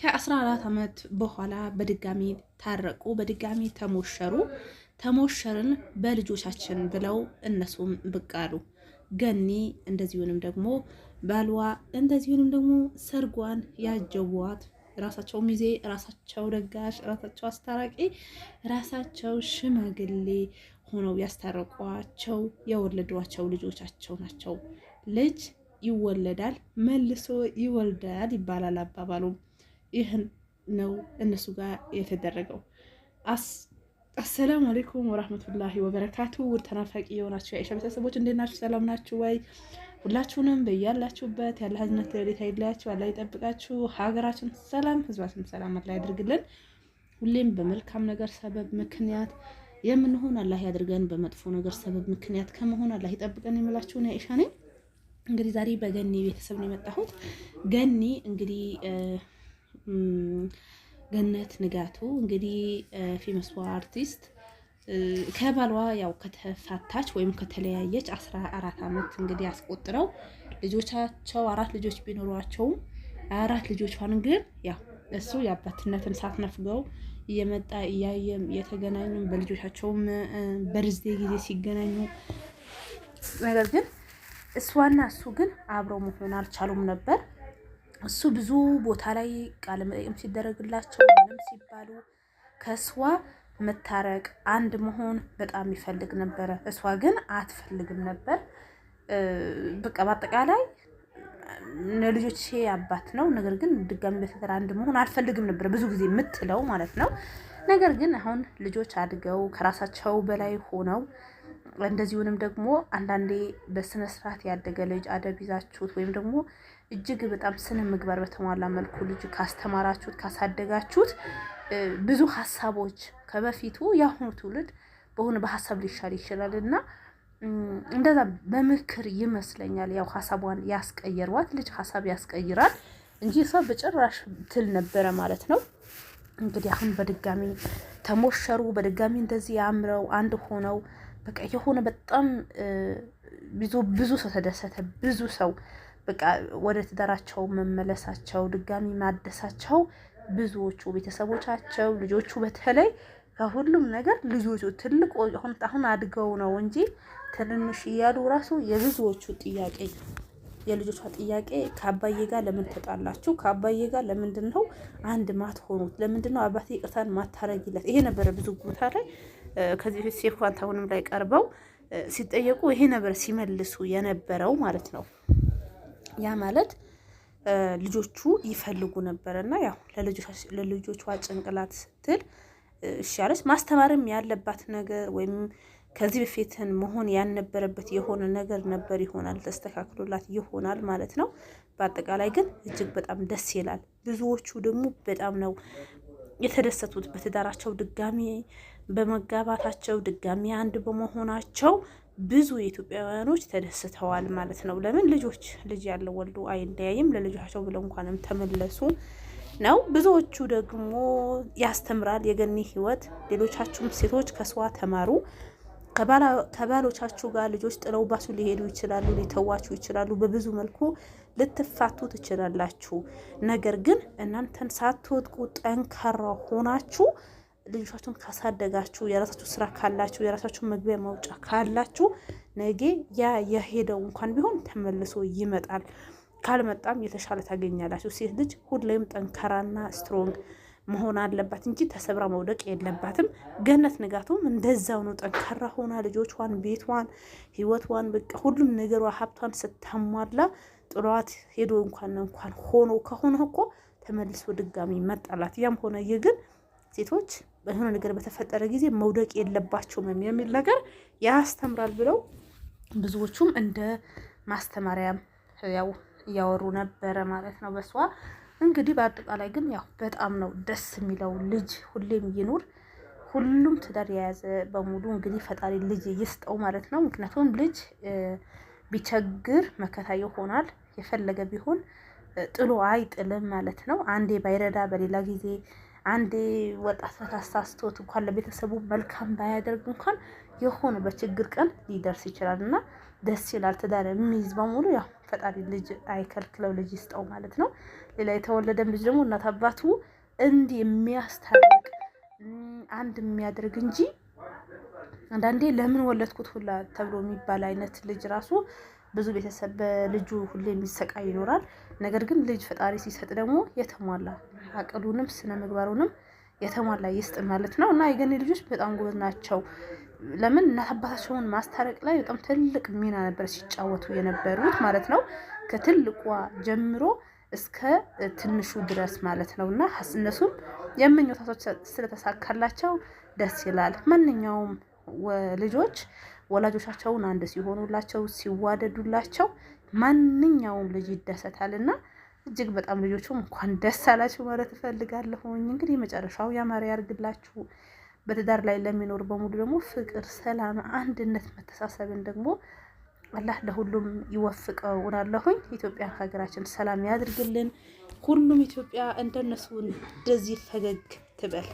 ከ14 ዓመት በኋላ በድጋሚ ታረቁ፣ በድጋሚ ተሞሸሩ። ተሞሸርን በልጆቻችን ብለው እነሱም ብቅ አሉ። ገኒ እንደዚሁንም ደግሞ ባልዋ እንደዚሁንም ደግሞ ሰርጓን ያጀቧት ራሳቸው ሚዜ፣ ራሳቸው ደጋሽ፣ ራሳቸው አስታራቂ፣ ራሳቸው ሽማግሌ ሆነው ያስታረቋቸው የወለዷቸው ልጆቻቸው ናቸው። ልጅ ይወለዳል መልሶ ይወልዳል ይባላል አባባሉም። ይህን ነው እነሱ ጋር የተደረገው። አሰላሙ አሌይኩም ወራህመቱላሂ ወበረካቱ። ውድ ተናፋቂ የሆናችሁ የአይሻ ቤተሰቦች እንዴት ናችሁ? ሰላም ናችሁ ወይ? ሁላችሁንም በያላችሁበት ያለ ህዝነት ሌታ ይለያችሁ፣ አላህ ይጠብቃችሁ። ሀገራችን ሰላም፣ ህዝባችን ሰላም አላህ ያድርግልን። ሁሌም በመልካም ነገር ሰበብ ምክንያት የምንሆን አላህ ያድርገን፣ በመጥፎ ነገር ሰበብ ምክንያት ከመሆን አላህ ይጠብቀን። የምላችሁን የአይሻ ነኝ። እንግዲህ ዛሬ በገኒ ቤተሰብ ነው የመጣሁት። ገኒ እንግዲህ ገነት ንጋቱ እንግዲህ ፌመስ አርቲስት ከባሏ ያው ከተፋታች ወይም ከተለያየች አስራ አራት አመት እንግዲህ አስቆጥረው ልጆቻቸው አራት ልጆች ቢኖሯቸውም አራት ልጆቿን ግን ያው እሱ የአባትነትን ሳትነፍገው እየመጣ እያየም እየተገናኙ በልጆቻቸውም በርዜ ጊዜ ሲገናኙ ነገር ግን እሷና እሱ ግን አብረው መሆን አልቻሉም ነበር። እሱ ብዙ ቦታ ላይ ቃለ መጠይቅም ሲደረግላቸው ምንም ሲባሉ ከእሷ መታረቅ አንድ መሆን በጣም ይፈልግ ነበረ። እሷ ግን አትፈልግም ነበር። በቃ በአጠቃላይ ለልጆቼ አባት ነው፣ ነገር ግን ድጋሚ በትዳር አንድ መሆን አልፈልግም ነበር ብዙ ጊዜ የምትለው ማለት ነው። ነገር ግን አሁን ልጆች አድገው ከራሳቸው በላይ ሆነው እንደዚሁንም ደግሞ አንዳንዴ በስነ ስርዓት ያደገ ልጅ አደብ ይዛችሁት ወይም ደግሞ እጅግ በጣም ስነ ምግባር በተሟላ መልኩ ልጅ ካስተማራችሁት ካሳደጋችሁት ብዙ ሀሳቦች ከበፊቱ የአሁኑ ትውልድ በሆነ በሀሳብ ሊሻል ይችላል እና እንደዛ በምክር ይመስለኛል። ያው ሀሳቧን ያስቀየሯት ልጅ ሀሳብ ያስቀይራል እንጂ እሷ በጭራሽ ትል ነበረ ማለት ነው። እንግዲህ አሁን በድጋሚ ተሞሸሩ፣ በድጋሚ እንደዚህ ያምረው አንድ ሆነው በቃ የሆነ በጣም ብዙ ብዙ ሰው ተደሰተ። ብዙ ሰው በቃ ወደ ትዳራቸው መመለሳቸው ድጋሚ ማደሳቸው ብዙዎቹ ቤተሰቦቻቸው ልጆቹ በተለይ ከሁሉም ነገር ልጆቹ ትልቅ አሁን አድገው ነው እንጂ ትንንሽ እያሉ ራሱ የብዙዎቹ ጥያቄ የልጆቿ ጥያቄ ከአባዬ ጋር ለምን ተጣላችሁ? ከአባዬ ጋር ለምንድን ነው አንድ ማትሆኑት? ለምንድን ነው አባቴ ይቅርታን ማታረጊለት? ይሄ ነበረ ብዙ ቦታ ላይ ከዚህ በፊት ሴፍ ፋንታሁንም ላይ ቀርበው ሲጠየቁ ይሄ ነበር ሲመልሱ የነበረው ማለት ነው። ያ ማለት ልጆቹ ይፈልጉ ነበር እና ያው ለልጆቿ ጭንቅላት ስትል አለች። ማስተማርም ያለባት ነገር ወይም ከዚህ በፊትን መሆን ያልነበረበት የሆነ ነገር ነበር ይሆናል ተስተካክሎላት ይሆናል ማለት ነው። በአጠቃላይ ግን እጅግ በጣም ደስ ይላል። ብዙዎቹ ደግሞ በጣም ነው የተደሰቱት በትዳራቸው ድጋሚ በመጋባታቸው ድጋሚ አንድ በመሆናቸው ብዙ የኢትዮጵያውያኖች ተደስተዋል ማለት ነው። ለምን ልጆች ልጅ ያለው ወልዶ አይለያይም፣ ለልጆቻቸው ብለው እንኳንም ተመለሱ ነው። ብዙዎቹ ደግሞ ያስተምራል የገኒ ህይወት ሌሎቻችሁም ሴቶች ከሷ ተማሩ። ከባሎቻችሁ ጋር ልጆች ጥለውባችሁ ሊሄዱ ይችላሉ፣ ሊተዋችሁ ይችላሉ። በብዙ መልኩ ልትፋቱ ትችላላችሁ። ነገር ግን እናንተን ሳትወድቁ ጠንካራ ሆናችሁ ልጆቻችሁን ካሳደጋችሁ የራሳችሁ ስራ ካላችሁ የራሳችሁ መግቢያ መውጫ ካላችሁ ነገ ያ የሄደው እንኳን ቢሆን ተመልሶ ይመጣል። ካልመጣም የተሻለ ታገኛላችሁ። ሴት ልጅ ሁሌም ጠንካራና ስትሮንግ መሆን አለባት እንጂ ተሰብራ መውደቅ የለባትም። ገነት ንጋቱም እንደዛው ነው። ጠንካራ ሆና ልጆቿን፣ ቤቷን፣ ህይወቷን በቃ ሁሉም ነገሯ ሀብቷን ስታሟላ ጥሏት ሄዶ እንኳን እንኳን ሆኖ ከሆነ እኮ ተመልሶ ድጋሚ ይመጣላት። ያም ሆነ ይህ ግን ሴቶች የሆነ ነገር በተፈጠረ ጊዜ መውደቅ የለባቸውም የሚል ነገር ያስተምራል ብለው ብዙዎቹም እንደ ማስተማሪያም ያው እያወሩ ነበረ ማለት ነው በሷ እንግዲህ በአጠቃላይ ግን ያው በጣም ነው ደስ የሚለው ልጅ ሁሌም ይኑር ሁሉም ትዳር የያዘ በሙሉ እንግዲህ ፈጣሪ ልጅ ይስጠው ማለት ነው ምክንያቱም ልጅ ቢቸግር መከታ ይሆናል የፈለገ ቢሆን ጥሎ አይጥልም ማለት ነው አንዴ ባይረዳ በሌላ ጊዜ አንድ ወጣት አሳስቶት እንኳን ለቤተሰቡ መልካም ባያደርግ እንኳን የሆነ በችግር ቀን ሊደርስ ይችላል እና ደስ ይላል። ትዳር የሚይዝ በሙሉ ያው ፈጣሪ ልጅ አይከልክለው ልጅ ይስጠው ማለት ነው። ሌላ የተወለደም ልጅ ደግሞ እናት አባቱ እንዲህ የሚያስታርቅ አንድ የሚያደርግ እንጂ አንዳንዴ ለምን ወለድኩት ሁላ ተብሎ የሚባል አይነት ልጅ ራሱ ብዙ ቤተሰብ በልጁ ሁሌ የሚሰቃይ ይኖራል። ነገር ግን ልጅ ፈጣሪ ሲሰጥ ደግሞ የተሟላ አቅሉንም ስነ ምግባሩንም የተሟላ ይስጥ ማለት ነው። እና የገኒ ልጆች በጣም ጎበዝ ናቸው። ለምን እናት አባታቸውን ማስታረቅ ላይ በጣም ትልቅ ሚና ነበር ሲጫወቱ የነበሩት ማለት ነው። ከትልቋ ጀምሮ እስከ ትንሹ ድረስ ማለት ነው። እና እነሱም የምኞታቶች ስለተሳካላቸው ደስ ይላል። ማንኛውም ልጆች ወላጆቻቸውን አንድ ሲሆኑላቸው ሲዋደዱላቸው ማንኛውም ልጅ ይደሰታል እና እጅግ በጣም ልጆቹም እንኳን ደስ አላችሁ ማለት እፈልጋለሁ። እንግዲህ መጨረሻው ያማረ ያርግላችሁ። በትዳር ላይ ለሚኖር በሙሉ ደግሞ ፍቅር፣ ሰላም፣ አንድነት፣ መተሳሰብን ደግሞ አላህ ለሁሉም ይወፍቀው እላለሁኝ። ኢትዮጵያ ሀገራችን ሰላም ያድርግልን። ሁሉም ኢትዮጵያ እንደነሱ እንደዚህ ፈገግ ትበል።